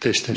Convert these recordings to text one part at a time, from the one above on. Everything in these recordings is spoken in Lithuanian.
testin.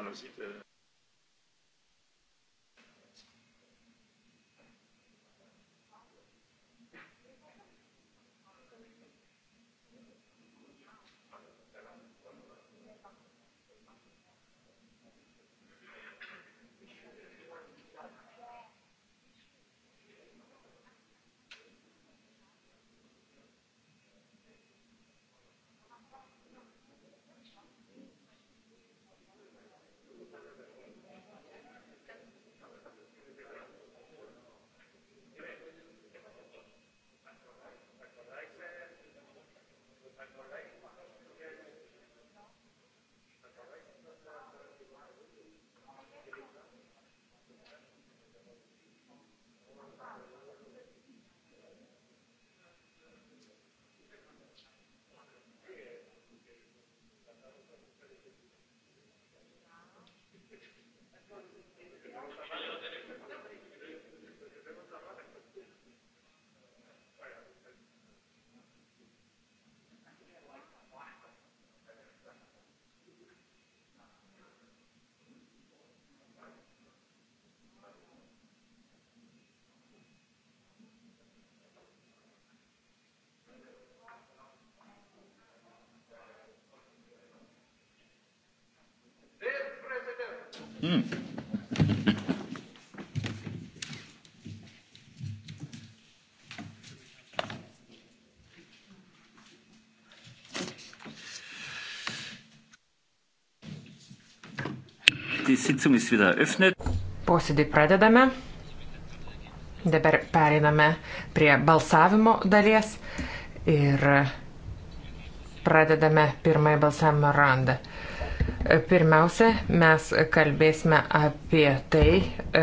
parazitė Mm. Posėdį pradedame. Dabar pereiname prie balsavimo dalies ir pradedame pirmąjį balsavimo randą. Pirmiausia, mes kalbėsime apie tai, e,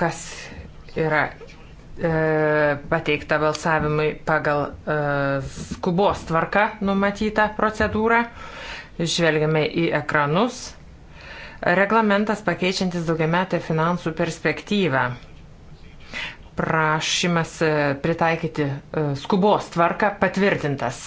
kas yra e, pateikta balsavimui pagal e, skubos tvarka numatytą procedūrą. Žvelgiame į ekranus. Reglamentas pakeičiantis daugiametę finansų perspektyvą. Prašymas pritaikyti skubos tvarką patvirtintas.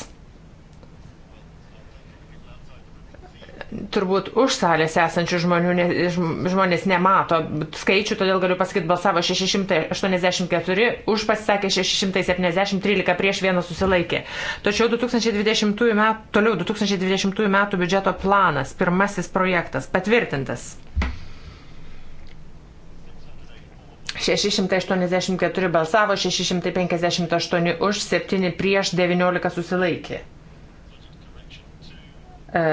turbūt už salės esančių žmonių, ne, žmonės nemato skaičių, todėl galiu pasakyti, balsavo 684, už pasisakė 670, 13 prieš vieną susilaikė. Tačiau 2020 metų, toliau 2020 metų biudžeto planas, pirmasis projektas, patvirtintas. 684 balsavo, 658 už, 7 prieš, 19 susilaikė. E,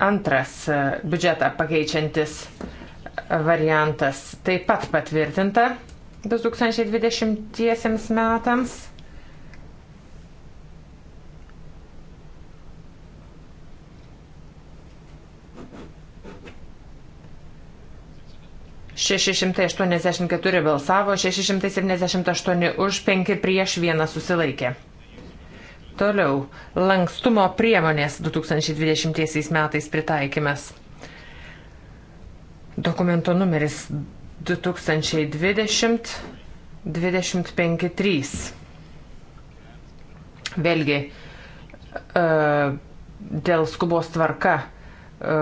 Antras e, biudžetą pakeičiantis variantas taip pat patvirtinta 2020 metams. Šeši šimtai aštuoniasdešimt keturi balsavo, šeši šimtai septyniasdešimt aštuoni už, penki prieš, vieną susilaikė. Toliau, lankstumo priemonės 2020 metais pritaikymas. Dokumento numeris 2020 253. Vėlgi, e, dėl skubos tvarka e,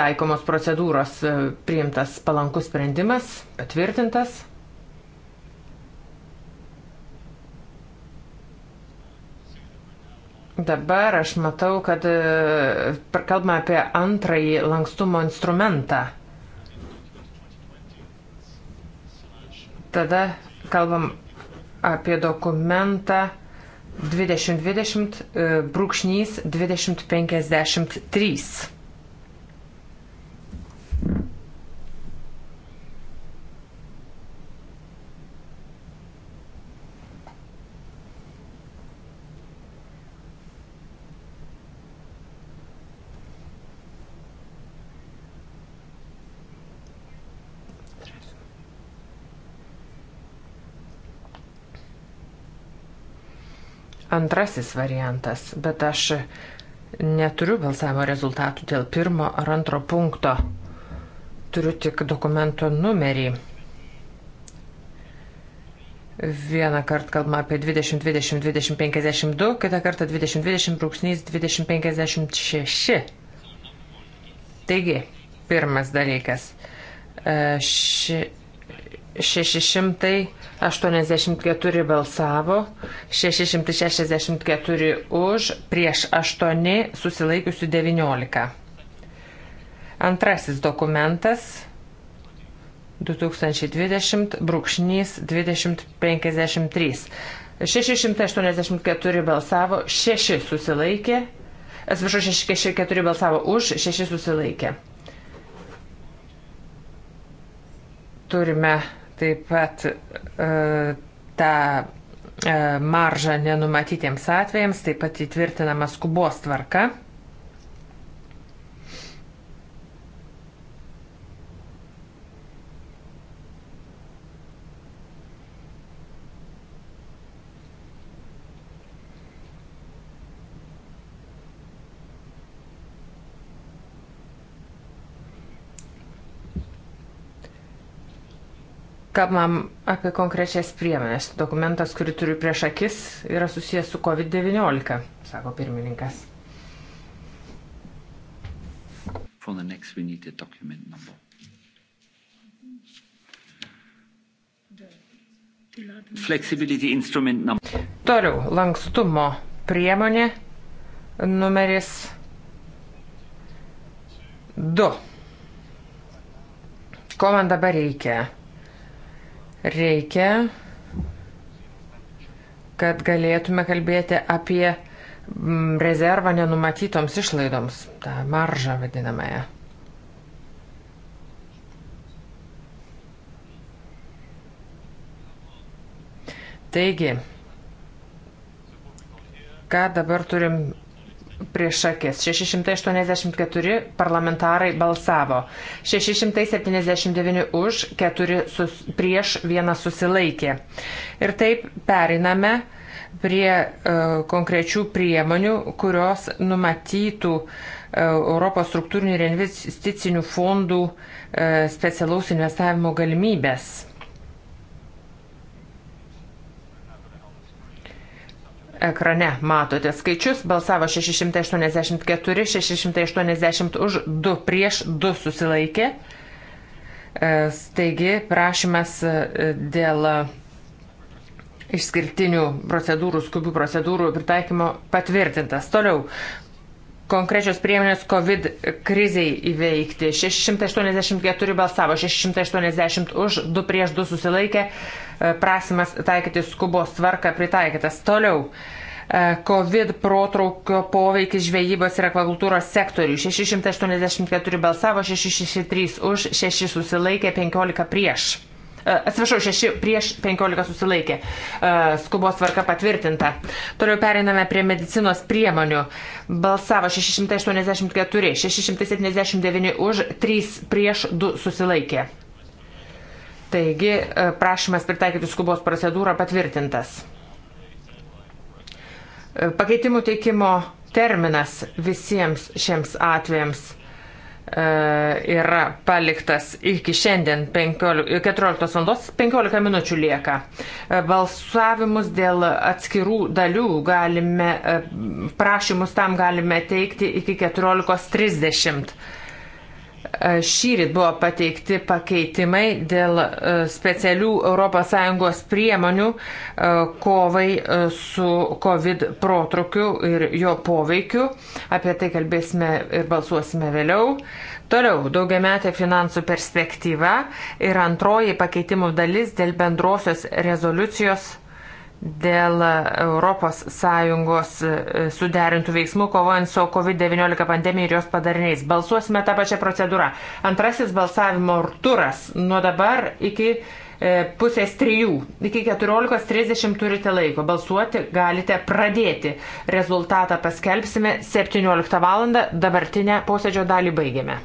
taikomos procedūros e, priimtas palankus sprendimas, patvirtintas Dabar aš matau, kad e, kalbame apie antrąjį lankstumo instrumentą. Tada kalbam apie dokumentą 2020 e, brūkšnys 2053. antrasis variantas, bet aš neturiu balsavimo rezultatų dėl pirmo ar antro punkto. Turiu tik dokumento numerį. Vieną kartą kalbama apie 20-20-20-52, kitą kartą 20-20-20-56. Taigi, pirmas dalykas. Ši 684 balsavo, 664 už, prieš 8 susilaikiusių 19. Antrasis dokumentas 2020 brūkšnys 2053. 684 balsavo, 6 susilaikė, atsiprašau, 604 balsavo už, 6 susilaikė. Turime Taip pat e, tą e, maržą nenumatytiems atvejams, taip pat įtvirtinama skubos tvarka. Kalbam apie konkrečias priemonės. Dokumentas, kurį turiu prieš akis, yra susijęs su COVID-19, sako pirmininkas. For the next, we need the document number. Flexibility instrument number. Toliau, lankstumo priemonė numeris 2. Ko man dabar reikia? Reikia, kad galėtume kalbėti apie mm, rezervą nenumatytoms išlaidoms, tą maržą vadinamąją. Taigi, ką dabar turim prieš akis. 684 parlamentarai balsavo. 679 už, 4 sus, prieš, 1 susilaikė. Ir taip periname prie uh, konkrečių priemonių, kurios numatytų uh, Europos struktūrinių ir investicinių fondų uh, specialaus investavimo galimybės. Ekrane matote skaičius, balsavo 684, 680 už, 2 prieš, 2 susilaikė. E, Taigi prašymas e, dėl e, išskirtinių procedūrų, skubių procedūrų pritaikymo patvirtintas. Toliau, konkrečios priemonės COVID kriziai įveikti. 684 balsavo, 680 už, 2 prieš 2 susilaikė, e, prasimas taikyti skubos tvarką pritaikytas. Toliau. E, COVID protraukio poveikis žvejybos ir akvakultūros sektoriui. 684 balsavo, 663 už, 6 susilaikė, 15 prieš atsiprašau, 6 prieš 15 susilaikė. Skubos tvarka patvirtinta. Toliau pereiname prie medicinos priemonių. Balsavo 684, 679 už, 3 prieš 2 susilaikė. Taigi prašymas pritaikyti skubos procedūrą patvirtintas. Pakeitimų teikimo terminas visiems šiems atvejams E, yra paliktas iki šiandien 15, 14 val. 15 minučių lieka. E, balsavimus dėl atskirų dalių galime, e, prašymus tam galime teikti iki 14.30. E, Šyrit buvo pateikti pakeitimai dėl e, specialių ES priemonių e, kovai su COVID protrukiu ir jo poveikiu. Apie tai kalbėsime ir balsuosime vėliau. Toliau daugiametė finansų perspektyva ir antroji pakeitimų dalis dėl bendrosios rezoliucijos dėl ES e, suderintų veiksmų kovojant su COVID-19 pandemija ir jos padariniais. Balsuosime tą pačią procedūrą. Antrasis balsavimo turas nuo dabar iki e, pusės trijų. Iki 14.30 turite laiko. Balsuoti galite pradėti. Rezultatą paskelbsime 17 val. Dabartinę posėdžio dalį baigiame.